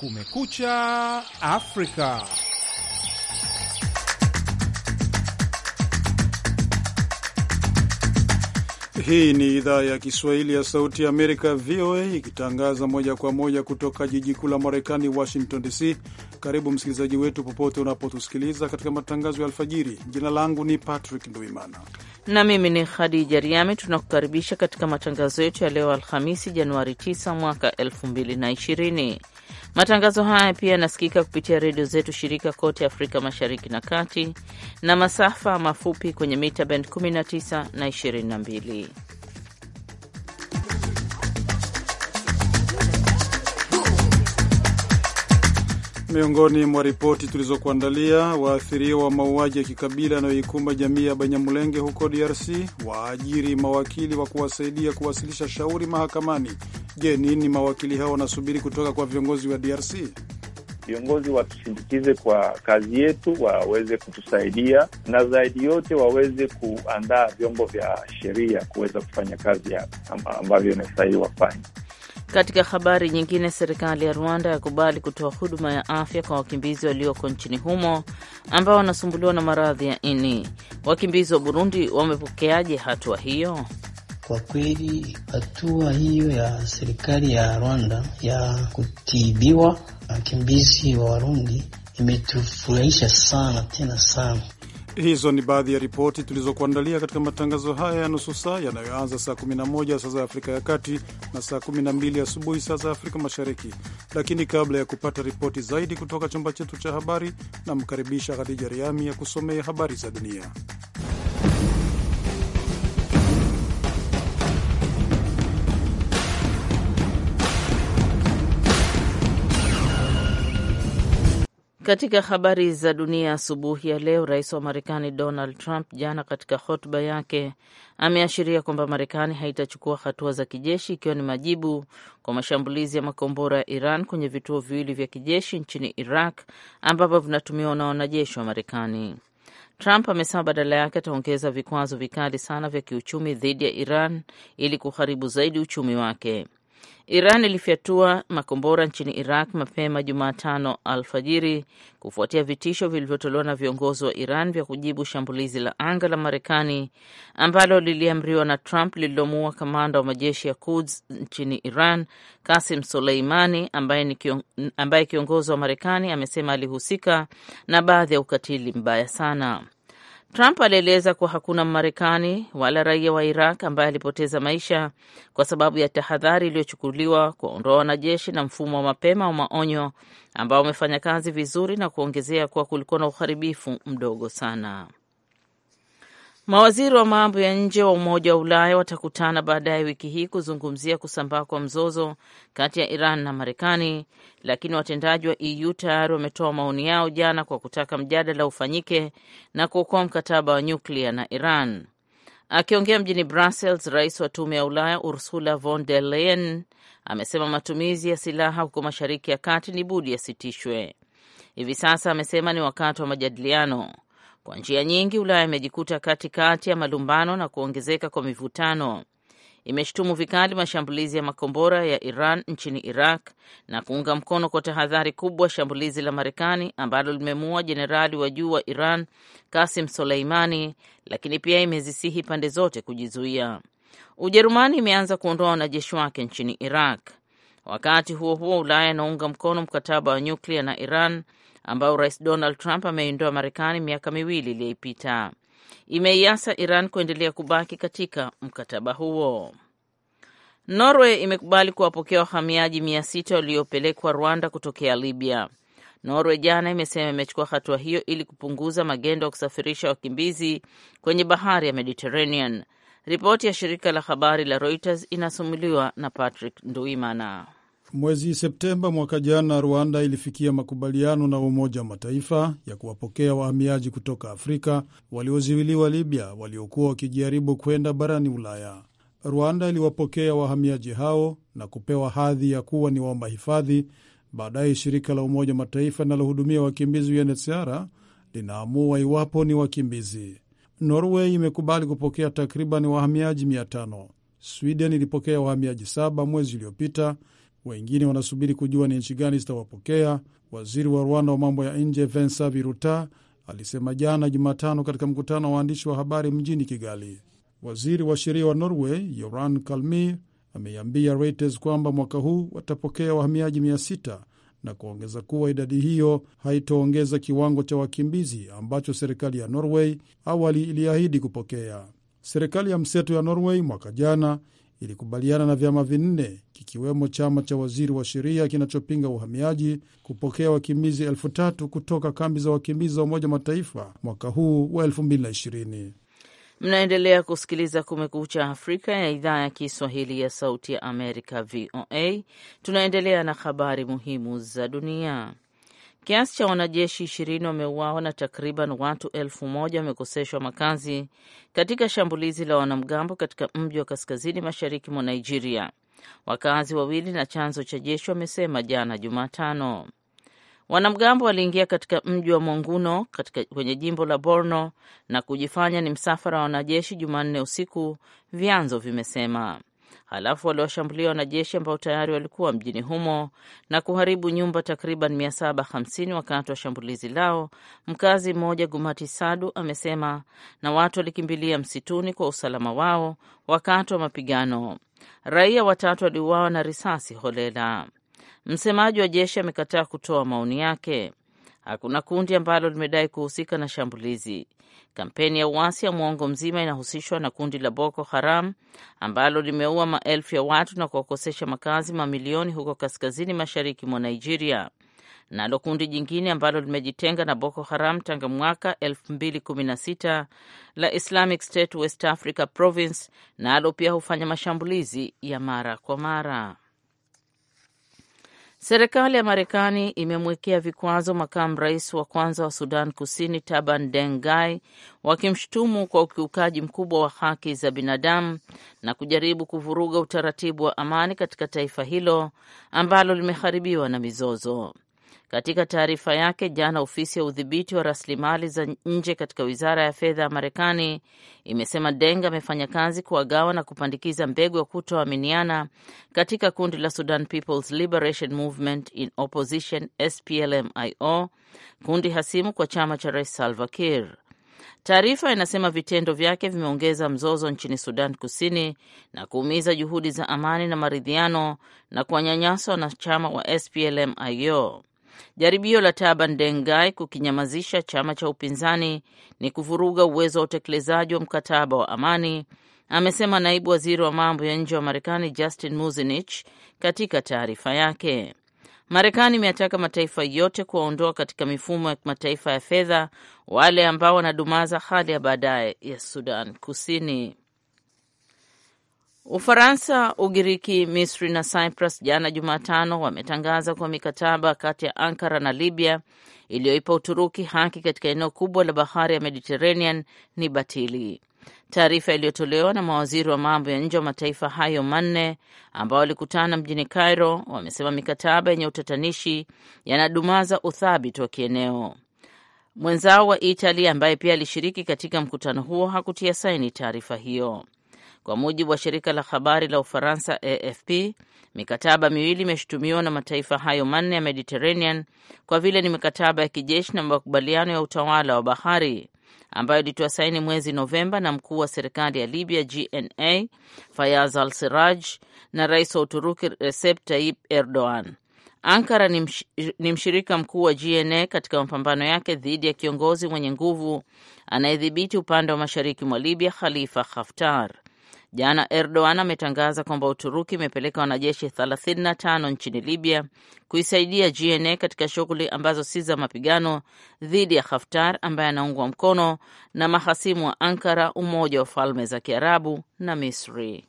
Kumekucha Afrika. Hii ni idhaa ya Kiswahili ya Sauti ya Amerika, VOA, ikitangaza moja kwa moja kutoka jiji kuu la Marekani, Washington DC. Karibu msikilizaji wetu popote unapotusikiliza katika matangazo ya alfajiri. Jina langu ni Patrick Nduimana na mimi ni Khadija Riami. Tunakukaribisha katika matangazo yetu ya leo Alhamisi, Januari 9 mwaka 2020. Matangazo haya pia yanasikika kupitia redio zetu shirika kote Afrika Mashariki na Kati na masafa mafupi kwenye mita bend 19 na 22. Miongoni mwa ripoti tulizokuandalia, waathiriwa wa mauaji ya kikabila yanayoikumba jamii ya Banyamulenge huko DRC waajiri mawakili wa kuwasaidia kuwasilisha shauri mahakamani Je, nini mawakili hao wanasubiri kutoka kwa viongozi wa DRC? Viongozi watusindikize kwa kazi yetu, waweze kutusaidia na zaidi yote waweze kuandaa vyombo vya sheria kuweza kufanya kazi ambavyo inastahili wafanye. Katika habari nyingine, serikali ya Rwanda yakubali kutoa huduma ya afya kwa wakimbizi walioko nchini humo ambao wanasumbuliwa na maradhi ya ini. Wakimbizi wa Burundi wamepokeaje hatua wa hiyo? Kwa kweli hatua hiyo ya serikali ya Rwanda ya kutibiwa wakimbizi wa Warundi imetufurahisha sana tena sana. Hizo ni baadhi ya ripoti tulizokuandalia katika matangazo haya ya nusu saa yanayoanza saa 11 saa za Afrika ya Kati na saa 12 asubuhi saa za Afrika Mashariki. Lakini kabla ya kupata ripoti zaidi kutoka chumba chetu cha habari, namkaribisha Khadija Riami ya kusomea habari za dunia. Katika habari za dunia asubuhi ya leo, rais wa Marekani Donald Trump jana katika hotuba yake ameashiria kwamba Marekani haitachukua hatua za kijeshi ikiwa ni majibu kwa mashambulizi ya makombora ya Iran kwenye vituo viwili vya kijeshi nchini Iraq ambavyo vinatumiwa na wanajeshi wa Marekani. Trump amesema badala yake ataongeza vikwazo vikali sana vya kiuchumi dhidi ya Iran ili kuharibu zaidi uchumi wake. Iran ilifyatua makombora nchini Iraq mapema Jumatano alfajiri kufuatia vitisho vilivyotolewa na viongozi wa Iran vya kujibu shambulizi la anga la Marekani ambalo liliamriwa na Trump lililomuua kamanda wa majeshi ya Quds nchini Iran Kasim Soleimani ambaye kiongozi wa Marekani amesema alihusika na baadhi ya ukatili mbaya sana. Trump alieleza kuwa hakuna Mmarekani wala raia wa Iraq ambaye alipoteza maisha kwa sababu ya tahadhari iliyochukuliwa kuwaondoa wanajeshi na mfumo wa mapema wa maonyo ambao umefanya kazi vizuri, na kuongezea kuwa kulikuwa na uharibifu mdogo sana. Mawaziri wa mambo ya nje wa Umoja wa Ulaya watakutana baadaye wiki hii kuzungumzia kusambaa kwa mzozo kati ya Iran na Marekani, lakini watendaji wa EU tayari wametoa maoni yao jana kwa kutaka mjadala ufanyike na kuokoa mkataba wa nyuklia na Iran. Akiongea mjini Brussels, rais wa Tume ya Ulaya Ursula von der Leyen amesema matumizi ya silaha huko Mashariki ya Kati ni budi yasitishwe. Hivi sasa amesema ni wakati wa majadiliano. Kwa njia nyingi, Ulaya imejikuta katikati ya malumbano na kuongezeka kwa mivutano. Imeshutumu vikali mashambulizi ya makombora ya Iran nchini Iraq na kuunga mkono kwa tahadhari kubwa shambulizi la Marekani ambalo limemuua jenerali wa juu wa Iran Kasim Soleimani, lakini pia imezisihi pande zote kujizuia. Ujerumani imeanza kuondoa wanajeshi wake nchini Iraq. Wakati huo huo, Ulaya inaunga mkono mkataba wa nyuklia na Iran ambao Rais Donald Trump ameiondoa Marekani miaka miwili iliyoipita Imeiasa Iran kuendelea kubaki katika mkataba huo. Norway imekubali kuwapokea wahamiaji mia sita waliopelekwa Rwanda kutokea Libya. Norway jana imesema imechukua hatua hiyo ili kupunguza magendo ya kusafirisha wakimbizi kwenye bahari ya Mediterranean. Ripoti ya shirika la habari la Reuters inasumuliwa na Patrick Nduimana. Mwezi Septemba mwaka jana, Rwanda ilifikia makubaliano na Umoja wa Mataifa ya kuwapokea wahamiaji kutoka Afrika walioziwiliwa Libya waliokuwa wakijaribu kwenda barani Ulaya. Rwanda iliwapokea wahamiaji hao na kupewa hadhi ya kuwa ni waomba hifadhi. Baadaye shirika la Umoja wa Mataifa linalohudumia wakimbizi UNHCR linaamua iwapo ni wakimbizi. Norway imekubali kupokea takriban wahamiaji mia tano. Sweden ilipokea wahamiaji saba mwezi uliopita wengine wanasubiri kujua ni nchi gani zitawapokea. Waziri wa Rwanda wa mambo ya nje Vincent Biruta alisema jana Jumatano katika mkutano wa waandishi wa habari mjini Kigali. Waziri wa sheria wa Norway Yoran kalmir ameiambia Reuters kwamba mwaka huu watapokea wahamiaji 6 na kuongeza kuwa idadi hiyo haitoongeza kiwango cha wakimbizi ambacho serikali ya Norway awali iliahidi kupokea. Serikali ya mseto ya Norway mwaka jana ilikubaliana na vyama vinne kikiwemo chama cha waziri wa sheria kinachopinga uhamiaji kupokea wakimbizi elfu tatu kutoka kambi za wakimbizi za Umoja Mataifa mwaka huu wa 220 Mnaendelea kusikiliza Kumekucha Afrika ya idhaa ya Kiswahili ya Sauti ya Amerika, VOA. Tunaendelea na habari muhimu za dunia. Kiasi cha wanajeshi ishirini wameuawa na takriban watu elfu moja wamekoseshwa makazi katika shambulizi la wanamgambo katika mji wa kaskazini mashariki mwa Nigeria. Wakazi wawili na chanzo cha jeshi wamesema jana Jumatano wanamgambo waliingia katika mji wa Monguno kwenye jimbo la Borno na kujifanya ni msafara wa wanajeshi Jumanne usiku, vyanzo vimesema halafu waliwashambulia wanajeshi ambao tayari walikuwa mjini humo na kuharibu nyumba takriban 750 wakati wa shambulizi lao. Mkazi mmoja Gumati Sadu amesema, na watu walikimbilia msituni kwa usalama wao wakati wa mapigano. Raia watatu waliuawa na risasi holela. Msemaji wa jeshi amekataa kutoa maoni yake. Hakuna kundi ambalo limedai kuhusika na shambulizi. Kampeni ya uasi ya mwongo mzima inahusishwa na kundi la Boko Haram ambalo limeua maelfu ya watu na kuwakosesha makazi mamilioni huko kaskazini mashariki mwa Nigeria. Nalo kundi jingine ambalo limejitenga na Boko Haram tangu mwaka 2016 la Islamic State West Africa Province nalo na pia hufanya mashambulizi ya mara kwa mara. Serikali ya Marekani imemwekea vikwazo makamu rais wa kwanza wa Sudan Kusini Taban dengai wakimshutumu kwa ukiukaji mkubwa wa haki za binadamu na kujaribu kuvuruga utaratibu wa amani katika taifa hilo ambalo limeharibiwa na mizozo. Katika taarifa yake jana, ofisi ya udhibiti wa rasilimali za nje katika wizara ya fedha ya Marekani imesema Deng amefanya kazi kuwagawa na kupandikiza mbegu ya kutoaminiana katika kundi la Sudan People's Liberation Movement in Opposition, SPLMIO, kundi hasimu kwa chama cha Rais Salva Kiir. Taarifa inasema vitendo vyake vimeongeza mzozo nchini Sudan Kusini na kuumiza juhudi za amani na maridhiano na kuwanyanyasa wanachama wa splmio Jaribio la Taban Dengai kukinyamazisha chama cha upinzani ni kuvuruga uwezo wa utekelezaji wa mkataba wa amani, amesema naibu waziri wa mambo ya nje wa Marekani Justin Muzinich katika taarifa yake. Marekani imeyataka mataifa yote kuwaondoa katika mifumo ya kimataifa ya fedha wale ambao wanadumaza hali ya baadaye ya Sudan Kusini. Ufaransa, Ugiriki, Misri na Cyprus jana Jumatano wametangaza kuwa mikataba kati ya Ankara na Libya iliyoipa Uturuki haki katika eneo kubwa la bahari ya Mediterranean ni batili. Taarifa iliyotolewa na mawaziri wa mambo ya nje wa mataifa hayo manne ambao walikutana mjini Cairo wamesema mikataba yenye utatanishi yanadumaza uthabiti wa kieneo. Mwenzao wa Italia ambaye pia alishiriki katika mkutano huo hakutia saini taarifa hiyo. Kwa mujibu wa shirika la habari la Ufaransa AFP, mikataba miwili imeshutumiwa na mataifa hayo manne ya Mediterranean kwa vile ni mikataba ya kijeshi na makubaliano ya utawala wa bahari ambayo ilitoa saini mwezi Novemba na mkuu wa serikali ya Libya GNA Fayaz al Siraj na rais wa Uturuki Recep Tayyip Erdogan. Ankara ni, msh ni mshirika mkuu wa GNA katika mapambano yake dhidi ya kiongozi mwenye nguvu anayedhibiti upande wa mashariki mwa Libya Khalifa Haftar. Jana Erdogan ametangaza kwamba Uturuki imepeleka wanajeshi 35 nchini Libya kuisaidia GNA katika shughuli ambazo si za mapigano dhidi ya Haftar ambaye anaungwa mkono na mahasimu wa Ankara, Umoja wa Falme za Kiarabu na Misri.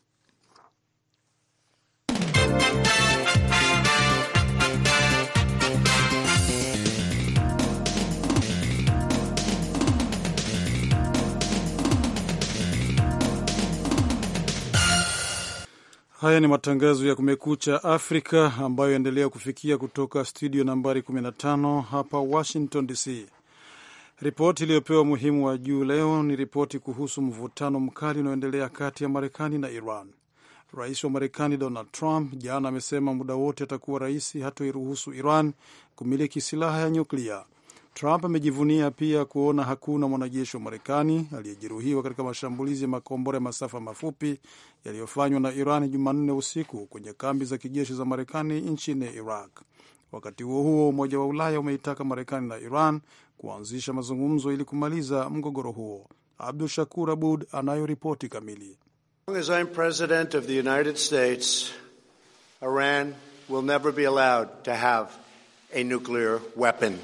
Haya ni matangazo ya Kumekucha Afrika ambayo yaendelea kufikia kutoka studio nambari 15 hapa Washington DC. Ripoti iliyopewa umuhimu wa juu leo ni ripoti kuhusu mvutano mkali unaoendelea kati ya Marekani na Iran. Rais wa Marekani Donald Trump jana amesema muda wote atakuwa rais, hatoiruhusu Iran kumiliki silaha ya nyuklia. Trump amejivunia pia kuona hakuna mwanajeshi wa Marekani aliyejeruhiwa katika mashambulizi ya makombora ya masafa mafupi yaliyofanywa na Iran Jumanne usiku kwenye kambi za kijeshi za Marekani nchini Iraq. Wakati huo huo, Umoja wa Ulaya umeitaka Marekani na Iran kuanzisha mazungumzo ili kumaliza mgogoro huo. Abdu Shakur Abud anayo ripoti kamili. Iran will never be allowed to have a nuclear weapon.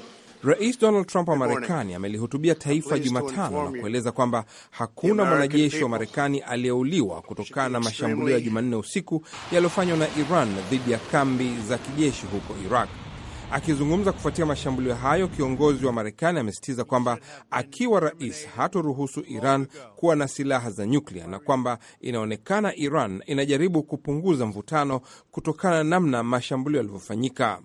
Rais Donald Trump wa Marekani amelihutubia taifa Jumatano na kueleza kwamba hakuna mwanajeshi wa Marekani aliyeuliwa kutokana na mashambulio ya Jumanne usiku yaliyofanywa na Iran dhidi ya kambi za kijeshi huko Iraq. Akizungumza kufuatia mashambulio hayo, kiongozi wa Marekani amesisitiza kwamba akiwa rais hatoruhusu Iran kuwa na silaha za nyuklia na kwamba inaonekana Iran inajaribu kupunguza mvutano kutokana na namna mashambulio yalivyofanyika.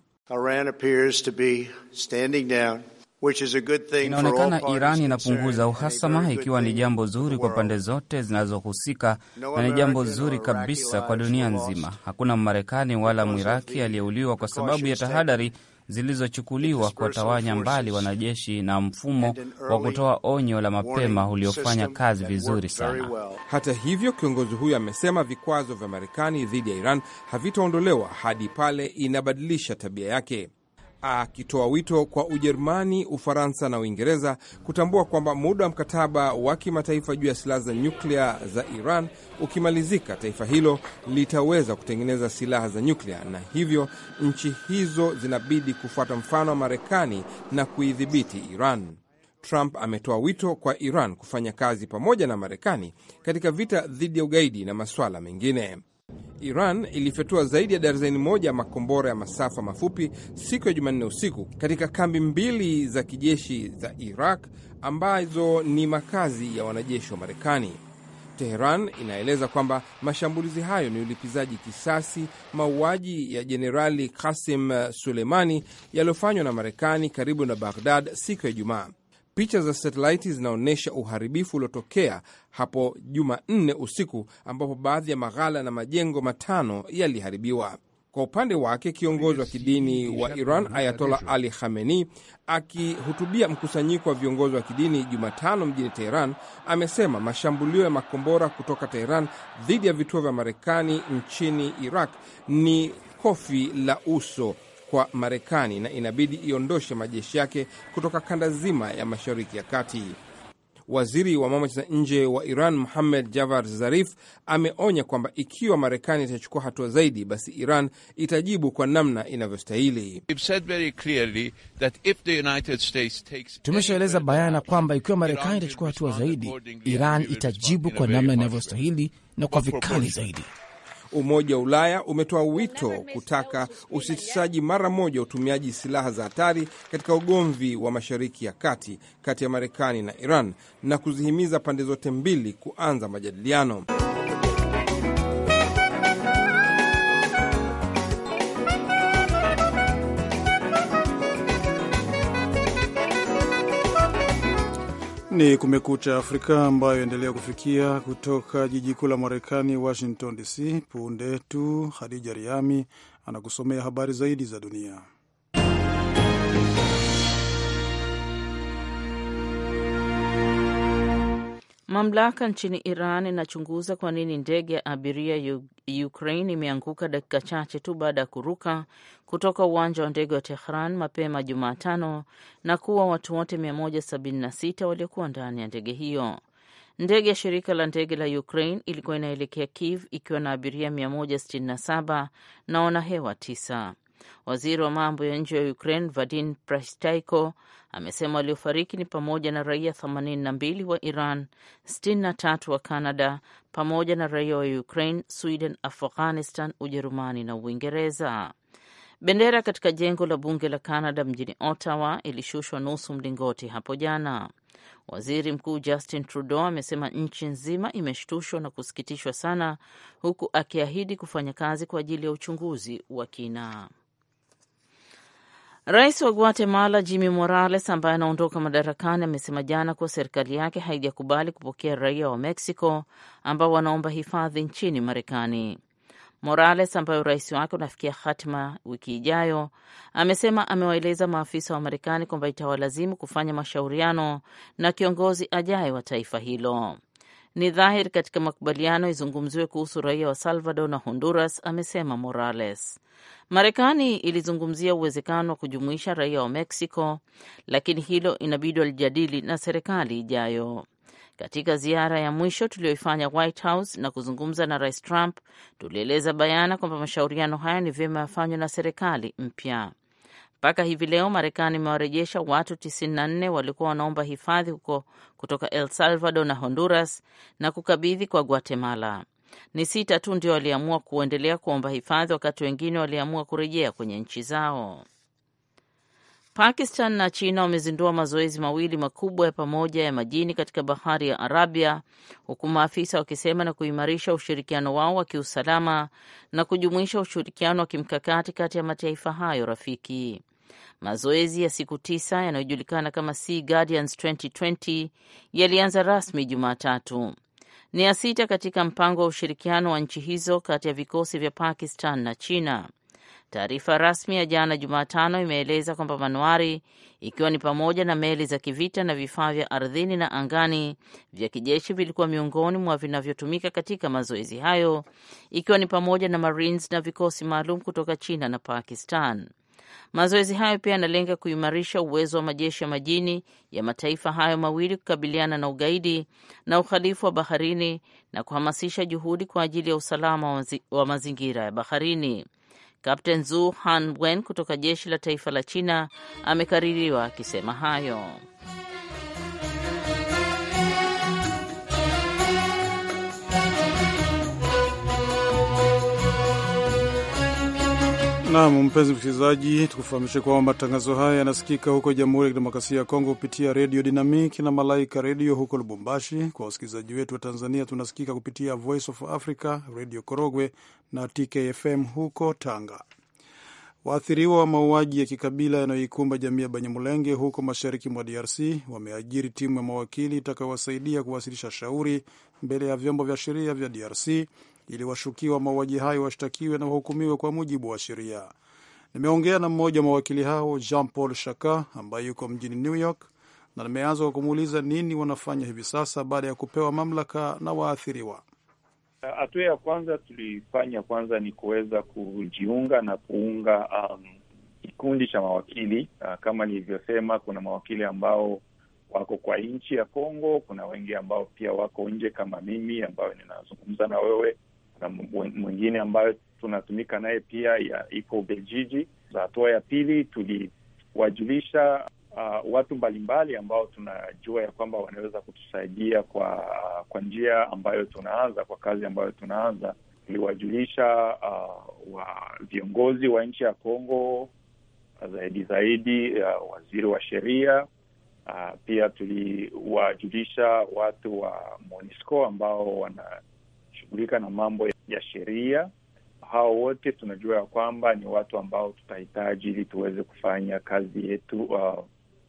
Inaonekana Iran inapunguza uhasama, ikiwa ni jambo zuri kwa pande zote zinazohusika na ni jambo zuri kabisa kwa dunia nzima. Hakuna Mmarekani wala Mwiraki aliyeuliwa kwa sababu ya tahadhari zilizochukuliwa kuwatawanya mbali wanajeshi na mfumo wa kutoa onyo la mapema uliofanya kazi vizuri sana. Hata hivyo, kiongozi huyo amesema vikwazo vya Marekani dhidi ya Iran havitaondolewa hadi pale inabadilisha tabia yake akitoa wito kwa Ujerumani, Ufaransa na Uingereza kutambua kwamba muda wa mkataba wa kimataifa juu ya silaha za nyuklia za Iran ukimalizika, taifa hilo litaweza kutengeneza silaha za nyuklia, na hivyo nchi hizo zinabidi kufuata mfano wa Marekani na kuidhibiti Iran. Trump ametoa wito kwa Iran kufanya kazi pamoja na Marekani katika vita dhidi ya ugaidi na masuala mengine. Iran ilifyatua zaidi ya darzeni moja makombora ya masafa mafupi siku ya Jumanne usiku katika kambi mbili za kijeshi za Iraq ambazo ni makazi ya wanajeshi wa Marekani. Teheran inaeleza kwamba mashambulizi hayo ni ulipizaji kisasi mauaji ya Jenerali Kasim Suleimani yaliyofanywa na Marekani karibu na Baghdad siku ya Ijumaa. Picha za satelaiti zinaonyesha uharibifu uliotokea hapo Jumanne usiku ambapo baadhi ya maghala na majengo matano yaliharibiwa. Kwa upande wake kiongozi wa kidini wa Iran Ayatola Ali Khamenei, akihutubia mkusanyiko wa viongozi wa kidini Jumatano mjini Teheran, amesema mashambulio ya makombora kutoka Teheran dhidi ya vituo vya Marekani nchini Iraq ni kofi la uso kwa Marekani na inabidi iondoshe majeshi yake kutoka kanda zima ya Mashariki ya Kati. Waziri wa mambo za nje wa Iran Muhammad Javad Zarif ameonya kwamba ikiwa Marekani itachukua hatua zaidi, basi Iran itajibu kwa namna inavyostahili. Tumeshaeleza bayana kwamba ikiwa Marekani itachukua hatua zaidi, Iran itajibu kwa namna inavyostahili na kwa vikali zaidi. Umoja wa Ulaya umetoa wito kutaka usitishaji mara moja utumiaji silaha za hatari katika ugomvi wa Mashariki ya Kati kati ya Marekani na Iran na kuzihimiza pande zote mbili kuanza majadiliano. Ni Kumekucha Afrika ambayo endelea kufikia kutoka jiji kuu la Marekani, Washington DC. Punde tu Hadija Riami anakusomea habari zaidi za dunia. Mamlaka nchini Iran inachunguza kwa nini ndege ya abiria ya Ukraine imeanguka dakika chache tu baada ya kuruka kutoka uwanja wa ndege wa Tehran mapema Jumatano na kuwa watu wote 176 waliokuwa ndani ya ndege hiyo. Ndege ya shirika la ndege la Ukraine ilikuwa inaelekea Kiev ikiwa na abiria 167 na wanahewa tisa. Waziri wa mambo ya nje wa Ukraine Vadin prastaiko amesema waliofariki ni pamoja na raia 82 wa Iran, 63 wa Canada, pamoja na raia wa Ukraine, Sweden, Afghanistan, Ujerumani na Uingereza. Bendera katika jengo la bunge la Canada mjini Ottawa ilishushwa nusu mlingoti hapo jana. Waziri Mkuu Justin Trudeau amesema nchi nzima imeshtushwa na kusikitishwa sana, huku akiahidi kufanya kazi kwa ajili ya uchunguzi wa kina. Rais wa Guatemala Jimmy Morales ambaye anaondoka madarakani amesema jana kuwa serikali yake haijakubali kupokea raia wa Mexico ambao wanaomba hifadhi nchini Marekani. Morales ambaye urais wake unafikia hatima wiki ijayo, amesema amewaeleza maafisa wa Marekani kwamba itawalazimu kufanya mashauriano na kiongozi ajaye wa taifa hilo ni dhahiri katika makubaliano izungumziwe kuhusu raia wa Salvador na Honduras, amesema Morales. Marekani ilizungumzia uwezekano wa kujumuisha raia wa Mexico, lakini hilo inabidi walijadili na serikali ijayo. Katika ziara ya mwisho tuliyoifanya White House na kuzungumza na Rais Trump, tulieleza bayana kwamba mashauriano haya ni vyema yafanywe na serikali mpya. Mpaka hivi leo Marekani imewarejesha watu 94 walikuwa wanaomba hifadhi huko kutoka El Salvador na Honduras na kukabidhi kwa Guatemala. Ni sita tu ndio waliamua kuendelea kuomba hifadhi, wakati wengine waliamua kurejea kwenye nchi zao. Pakistan na China wamezindua mazoezi mawili makubwa ya pamoja ya majini katika bahari ya Arabia, huku maafisa wakisema na kuimarisha ushirikiano wao wa kiusalama na kujumuisha ushirikiano wa kimkakati kati ya mataifa hayo rafiki. Mazoezi ya siku tisa yanayojulikana kama Sea Guardians 2020 yalianza rasmi Jumatatu. Ni ya sita katika mpango wa ushirikiano wa nchi hizo kati ya vikosi vya Pakistan na China. Taarifa rasmi ya jana Jumatano imeeleza kwamba manuari, ikiwa ni pamoja na meli za kivita na vifaa vya ardhini na angani vya kijeshi, vilikuwa miongoni mwa vinavyotumika katika mazoezi hayo, ikiwa ni pamoja na Marines na vikosi maalum kutoka China na Pakistan. Mazoezi hayo pia yanalenga kuimarisha uwezo wa majeshi ya majini ya mataifa hayo mawili kukabiliana na ugaidi na uhalifu wa baharini na kuhamasisha juhudi kwa ajili ya usalama wa mazingira ya baharini. Kapten Zu Han Wen kutoka jeshi la taifa la China amekaririwa akisema hayo. Naam, mpenzi msikilizaji, tukufahamishe kwamba matangazo haya yanasikika huko Jamhuri ya Kidemokrasia ya Kongo kupitia Redio Dynamic na Malaika Redio huko Lubumbashi. Kwa wasikilizaji wetu wa Tanzania, tunasikika kupitia Voice of Africa, Redio Korogwe na TKFM huko Tanga. Waathiriwa wa mauaji ya kikabila yanayoikumba jamii ya Banyamulenge huko mashariki mwa DRC wameajiri timu ya mawakili itakayowasaidia kuwasilisha shauri mbele ya vyombo vya sheria vya DRC ili washukiwa mauaji hayo washtakiwe na wahukumiwe kwa mujibu wa sheria. Nimeongea na mmoja wa mawakili hao Jean Paul Shaka ambaye yuko mjini New York na nimeanza kwa kumuuliza nini wanafanya hivi sasa baada ya kupewa mamlaka na waathiriwa. Hatua ya kwanza tulifanya kwanza ni kuweza kujiunga na kuunga um, kikundi cha mawakili uh, kama nilivyosema, kuna mawakili ambao wako kwa nchi ya Kongo, kuna wengi ambao pia wako nje kama mimi ambayo ninazungumza na wewe na mwingine ambayo tunatumika naye pia ya iko za Hatua ya pili tuliwajulisha uh, watu mbalimbali ambao tunajua ya kwamba wanaweza kutusaidia kwa kwa njia ambayo tunaanza kwa kazi ambayo tunaanza. Tuliwajulisha uh, wa viongozi wa nchi ya Kongo zaidi zaidi, uh, waziri wa sheria uh, pia tuliwajulisha watu wa MONUSCO ambao wana wanashughulika na mambo ya sheria. Hao wote tunajua ya kwamba ni watu ambao tutahitaji ili tuweze kufanya kazi yetu uh,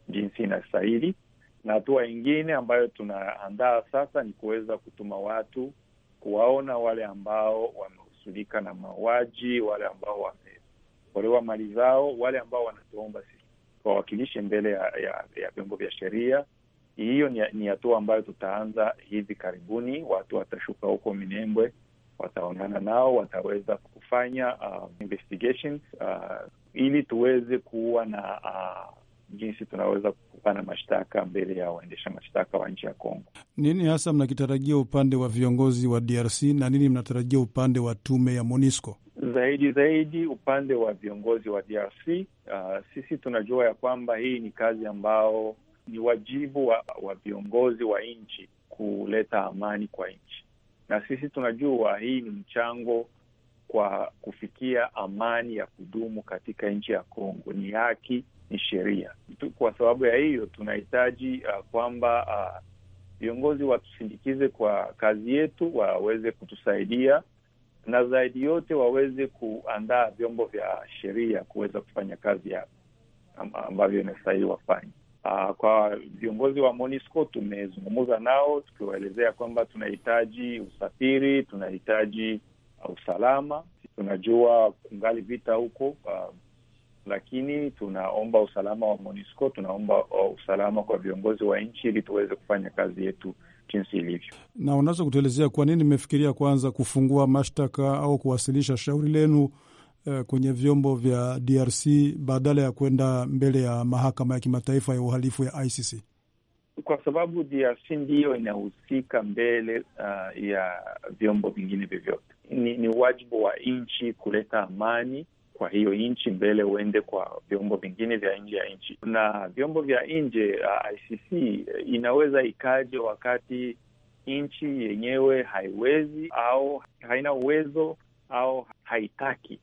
jinsi inastahili. Na hatua ingine ambayo tunaandaa sasa ni kuweza kutuma watu kuwaona wale ambao wamehusulika na mauaji, wale ambao wamepolewa mali zao, wale ambao wanatuomba sisi wawakilishe mbele ya vyombo vya sheria hiyo ni hatua ambayo tutaanza hivi karibuni. Watu watashuka huko Minembwe, wataonana nao, wataweza kufanya uh, investigations uh, ili tuweze kuwa na uh, jinsi tunaweza kupana mashtaka mbele ya waendesha mashtaka wa nchi ya Kongo. Nini hasa mnakitarajia upande wa viongozi wa DRC na nini mnatarajia upande wa tume ya MONUSCO? Zaidi zaidi upande wa viongozi wa DRC. Uh, sisi tunajua ya kwamba hii ni kazi ambao ni wajibu wa, wa viongozi wa nchi kuleta amani kwa nchi, na sisi tunajua hii ni mchango kwa kufikia amani ya kudumu katika nchi ya Kongo. Ni haki, ni sheria. Kwa sababu ya hiyo tunahitaji uh, kwamba uh, viongozi watusindikize kwa kazi yetu, waweze kutusaidia na zaidi yote waweze kuandaa vyombo vya sheria kuweza kufanya kazi yao ambavyo inastahili wafanye. Uh, kwa viongozi wa MONUSCO tumezungumza nao tukiwaelezea kwamba tunahitaji usafiri, tunahitaji uh, usalama. Tunajua kungali vita huko uh, lakini tunaomba usalama wa MONUSCO, tunaomba oh, usalama kwa viongozi wa nchi ili tuweze kufanya kazi yetu jinsi ilivyo. Na unaweza kutuelezea kwa nini mmefikiria kwanza kufungua mashtaka au kuwasilisha shauri lenu Eh, kwenye vyombo vya DRC badala ya kwenda mbele ya mahakama ya kimataifa ya uhalifu ya ICC kwa sababu DRC ndiyo inahusika mbele uh, ya vyombo vingine vyovyote. Ni, ni wajibu wa nchi kuleta amani kwa hiyo nchi mbele uende kwa vyombo vingine vya nje ya nchi na vyombo vya nje. Uh, ICC inaweza ikaje wakati nchi yenyewe haiwezi au haina uwezo au haitaki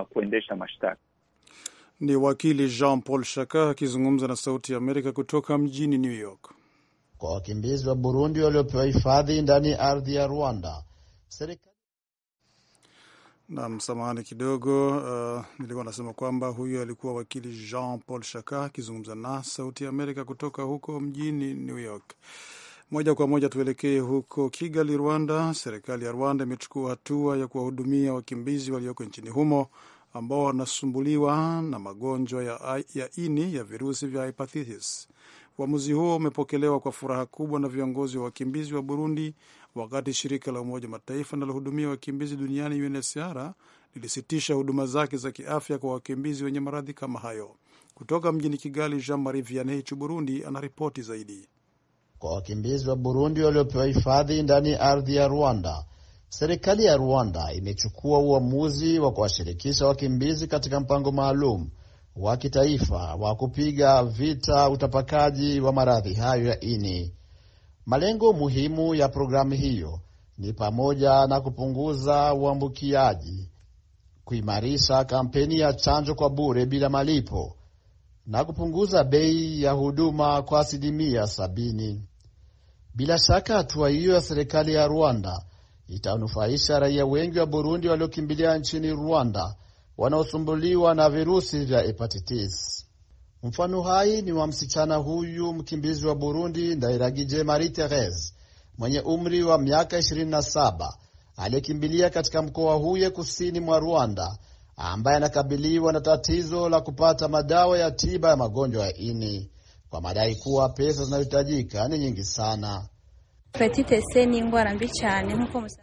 uh, kuendesha mashtaka. Ni wakili Jean Paul Shaka akizungumza na Sauti ya Amerika kutoka mjini New York. Kwa wakimbizi wa Burundi waliopewa hifadhi ndani ya ardhi ya Rwanda, serikali Nam, samahani kidogo. Uh, nilikuwa nasema kwamba huyo alikuwa wakili Jean Paul Shaka akizungumza na Sauti ya Amerika kutoka huko mjini New York. Moja kwa moja tuelekee huko Kigali, Rwanda. Serikali ya Rwanda imechukua hatua ya kuwahudumia wakimbizi walioko nchini humo ambao wanasumbuliwa na magonjwa ya, ya ini ya virusi vya hepatitis. Uamuzi huo umepokelewa kwa furaha kubwa na viongozi wa wakimbizi wa Burundi, wakati shirika la Umoja Mataifa linalohudumia wakimbizi duniani UNHCR lilisitisha huduma zake za kiafya kwa wakimbizi wenye maradhi kama hayo. Kutoka mjini Kigali, Jean Marie Vianney Burundi anaripoti zaidi kwa wakimbizi wa Burundi waliopewa hifadhi ndani ya ardhi ya Rwanda. Serikali ya Rwanda imechukua uamuzi wa kuwashirikisha wakimbizi katika mpango maalum wa kitaifa wa kupiga vita utapakaji wa maradhi hayo ya ini. Malengo muhimu ya programu hiyo ni pamoja na kupunguza uambukiaji, kuimarisha kampeni ya chanjo kwa bure bila malipo na kupunguza bei ya huduma kwa asilimia sabini. Bila shaka hatua hiyo ya serikali ya Rwanda itanufaisha raia wengi wa Burundi waliokimbilia nchini Rwanda wanaosumbuliwa na virusi vya hepatitis. Mfano hai ni wa msichana huyu mkimbizi wa Burundi Ndairagije Marie Therese mwenye umri wa miaka 27 aliyekimbilia katika mkoa Huye kusini mwa Rwanda ambaye anakabiliwa na tatizo la kupata madawa ya tiba ya magonjwa ya ini kwa madai kuwa pesa zinazohitajika ni nyingi sana. Hepatitis C ni mbi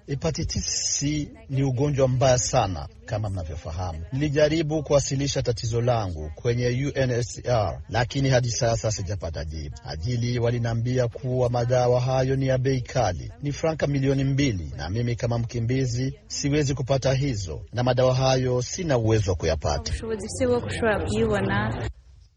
Hepatitis C ni ugonjwa mbaya sana kama mnavyofahamu. Nilijaribu kuwasilisha tatizo langu kwenye UNHCR lakini hadi sasa sijapata jibu. Ajili waliniambia kuwa madawa hayo ni ya bei kali, ni franka milioni mbili, na mimi kama mkimbizi siwezi kupata hizo, na madawa hayo sina uwezo wa kuyapata.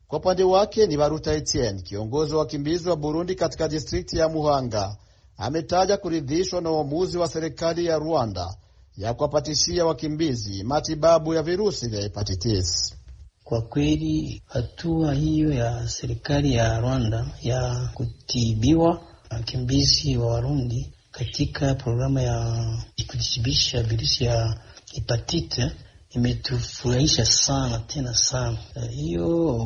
Kwa upande wake ni Baruta Etienne, kiongozi wa wakimbizi wa Burundi katika distrikti ya Muhanga ametaja kuridhishwa na uamuzi wa serikali ya Rwanda ya kuwapatishia wakimbizi matibabu ya virusi vya hepatitis. Kwa kweli hatua hiyo ya serikali ya Rwanda ya kutibiwa wakimbizi wa Warundi katika programu ya kujitibisha virusi ya hepatite imetufurahisha sana tena sana. Hiyo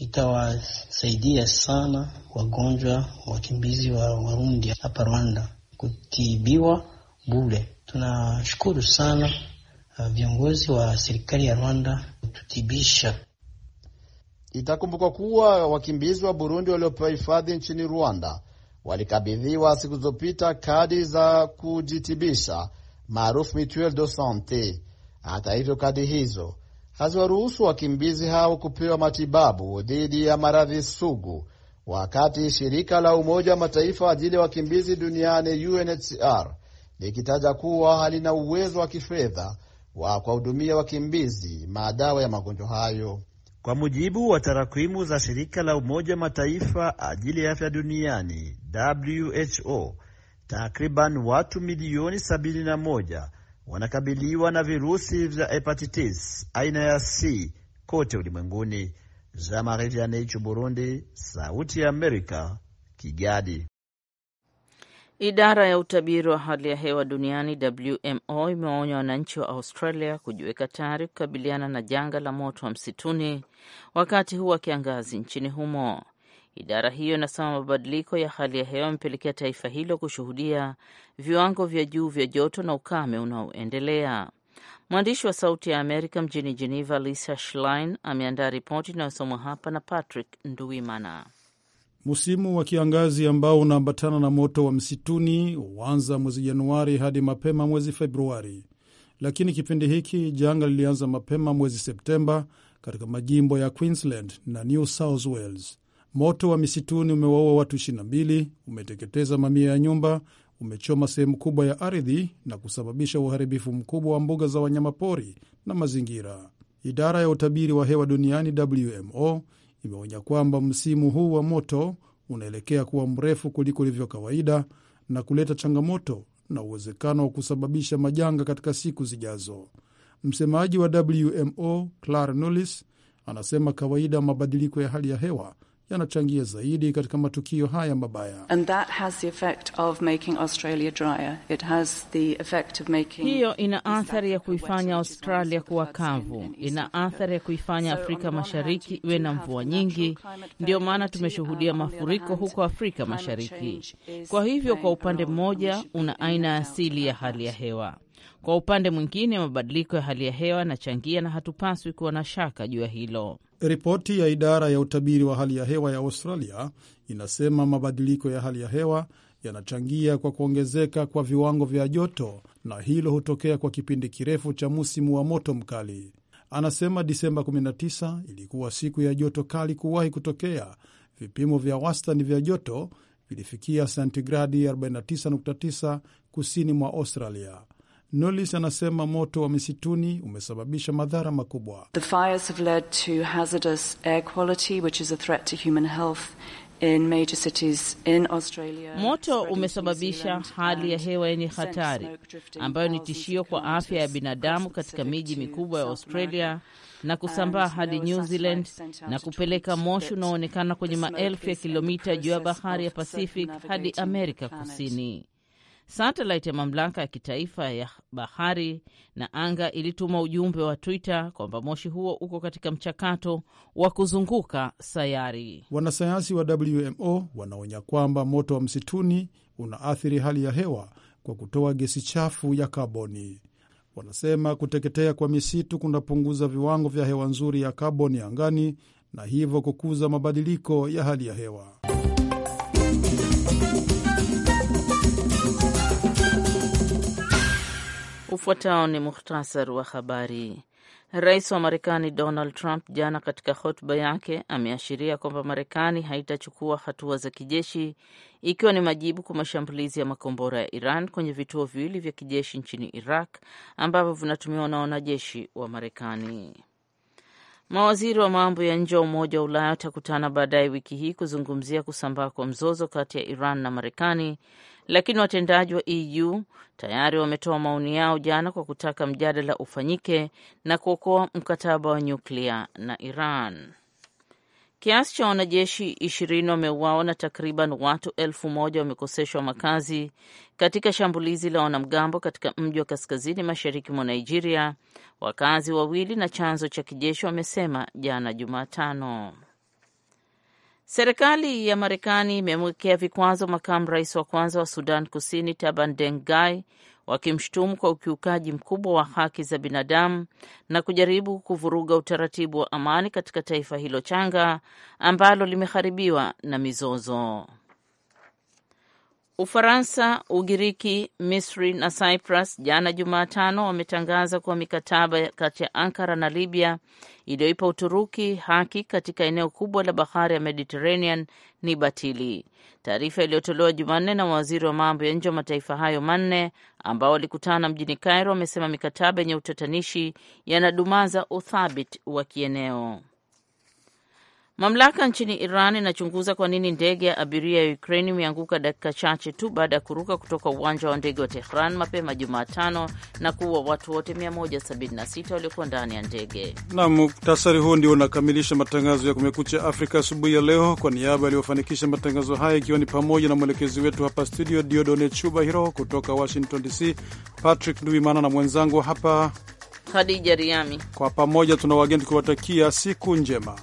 itawasaidia sana wagonjwa wakimbizi wa Warundi hapa Rwanda kutibiwa bure. Tunashukuru sana uh, viongozi wa serikali ya Rwanda kututibisha. Itakumbukwa kuwa wakimbizi wa Burundi waliopewa hifadhi nchini Rwanda walikabidhiwa siku zilizopita kadi za kujitibisha maarufu mituel de sante. Hata hivyo, kadi hizo haziwaruhusu wakimbizi hao kupewa matibabu dhidi ya maradhi sugu, wakati shirika la Umoja wa Mataifa ajili ya wakimbizi duniani UNHCR likitaja kuwa halina uwezo wa kifedha wa kuwahudumia wakimbizi maadawa ya magonjwa hayo. Kwa mujibu wa tarakwimu za shirika la Umoja wa Mataifa ajili ya afya duniani WHO, takriban watu milioni 71 wanakabiliwa na virusi vya hepatitis aina ya C kote ulimwenguni. Jean Burundi, Sauti ya Amerika, Kigali. Idara ya utabiri wa hali ya hewa duniani WMO imewaonya wananchi wa Australia kujiweka tayari kukabiliana na janga la moto wa msituni wakati huu wa kiangazi nchini humo. Idara hiyo inasema mabadiliko ya hali ya hewa yamepelekea taifa hilo kushuhudia viwango vya juu vya joto na ukame unaoendelea. Mwandishi wa Sauti ya Amerika mjini Geneva, Lisa Schlein, ameandaa ripoti inayosomwa hapa na Patrick Nduwimana. Msimu wa kiangazi ambao unaambatana na moto wa msituni huanza mwezi Januari hadi mapema mwezi Februari, lakini kipindi hiki janga lilianza mapema mwezi Septemba katika majimbo ya Queensland na New South Wales. Moto wa misituni umewaua watu 22, umeteketeza mamia ya nyumba, umechoma sehemu kubwa ya ardhi na kusababisha uharibifu mkubwa wa mbuga za wanyamapori na mazingira. Idara ya utabiri wa hewa duniani WMO imeonya kwamba msimu huu wa moto unaelekea kuwa mrefu kuliko ilivyo kawaida na kuleta changamoto na uwezekano wa kusababisha majanga katika siku zijazo. Msemaji wa WMO clar Nulis anasema kawaida, mabadiliko ya hali ya hewa yanachangia zaidi katika matukio haya mabaya. Making... hiyo ina athari ya kuifanya Australia kuwa kavu, ina athari ya kuifanya Afrika Mashariki iwe na mvua nyingi. Ndiyo maana tumeshuhudia mafuriko huko Afrika Mashariki. Kwa hivyo, kwa upande mmoja una aina asili ya hali ya hewa kwa upande mwingine mabadiliko ya hali ya hewa yanachangia, na hatupaswi kuwa na shaka juu ya hilo. Ripoti ya idara ya utabiri wa hali ya hewa ya Australia inasema mabadiliko ya hali ya hewa yanachangia kwa kuongezeka kwa viwango vya joto, na hilo hutokea kwa kipindi kirefu cha musimu wa moto mkali. Anasema Disemba 19 ilikuwa siku ya joto kali kuwahi kutokea. Vipimo vya wastani vya joto vilifikia sentigradi 49.9 kusini mwa Australia. Nolis anasema moto wa misituni umesababisha madhara makubwa. The fires have led to hazardous air quality which is a threat to human health in major cities in Australia. Moto umesababisha hali ya hewa yenye hatari ambayo ni tishio kwa afya ya binadamu katika miji mikubwa ya Australia na kusambaa hadi New Zealand na kupeleka moshi unaoonekana kwenye maelfu ya kilomita juu ya bahari ya Pacific hadi Amerika Kusini satelit ya mamlaka ya kitaifa ya bahari na anga ilituma ujumbe wa Twitter kwamba moshi huo uko katika mchakato wa kuzunguka sayari. Wanasayansi wa WMO wanaonya kwamba moto wa msituni unaathiri hali ya hewa kwa kutoa gesi chafu ya kaboni. Wanasema kuteketea kwa misitu kunapunguza viwango vya hewa nzuri ya kaboni angani na hivyo kukuza mabadiliko ya hali ya hewa. Ufuatao ni muhtasar wa habari. Rais wa Marekani Donald Trump jana katika hotuba yake ameashiria kwamba Marekani haitachukua hatua za kijeshi ikiwa ni majibu kwa mashambulizi ya makombora ya Iran kwenye vituo viwili vya kijeshi nchini Iraq ambavyo vinatumiwa na wanajeshi wa Marekani. Mawaziri wa mambo ya nje wa Umoja wa Ulaya watakutana baadaye wiki hii kuzungumzia kusambaa kwa mzozo kati ya Iran na Marekani, lakini watendaji wa EU tayari wametoa maoni yao jana kwa kutaka mjadala ufanyike na kuokoa mkataba wa nyuklia na Iran. Kiasi cha wanajeshi ishirini wameuawa na takriban watu elfu moja wamekoseshwa makazi katika shambulizi la wanamgambo katika mji wa kaskazini mashariki mwa Nigeria, wakazi wawili na chanzo cha kijeshi wamesema jana Jumatano. Serikali ya Marekani imemwekea vikwazo makamu rais wa kwanza wa Sudan Kusini Taban Dengai wakimshutumu kwa ukiukaji mkubwa wa haki za binadamu na kujaribu kuvuruga utaratibu wa amani katika taifa hilo changa ambalo limeharibiwa na mizozo. Ufaransa, Ugiriki, Misri na Cyprus jana Jumatano wametangaza kuwa mikataba kati ya Ankara na Libya iliyoipa Uturuki haki katika eneo kubwa la bahari ya Mediterranean ni batili. Taarifa iliyotolewa Jumanne na waziri wa mambo ya nje wa mataifa hayo manne ambao walikutana mjini Cairo wamesema mikataba yenye utatanishi yanadumaza uthabiti wa kieneo. Mamlaka nchini Iran inachunguza kwa nini ndege ya abiria ya Ukraine imeanguka dakika chache tu baada ya kuruka kutoka uwanja wa ndege wa Tehran mapema Jumatano na kuua watu wote 176 waliokuwa ndani ya ndege. Na muktasari huo ndio unakamilisha matangazo ya Kumekucha Afrika asubuhi ya leo. Kwa niaba yaliyofanikisha matangazo haya, ikiwa ni pamoja na mwelekezi wetu hapa studio Diodone Chuba Hiro, kutoka Washington DC, Patrick Nduimana na mwenzangu hapa Hadija Riami, kwa pamoja tuna wageni tukiwatakia siku njema.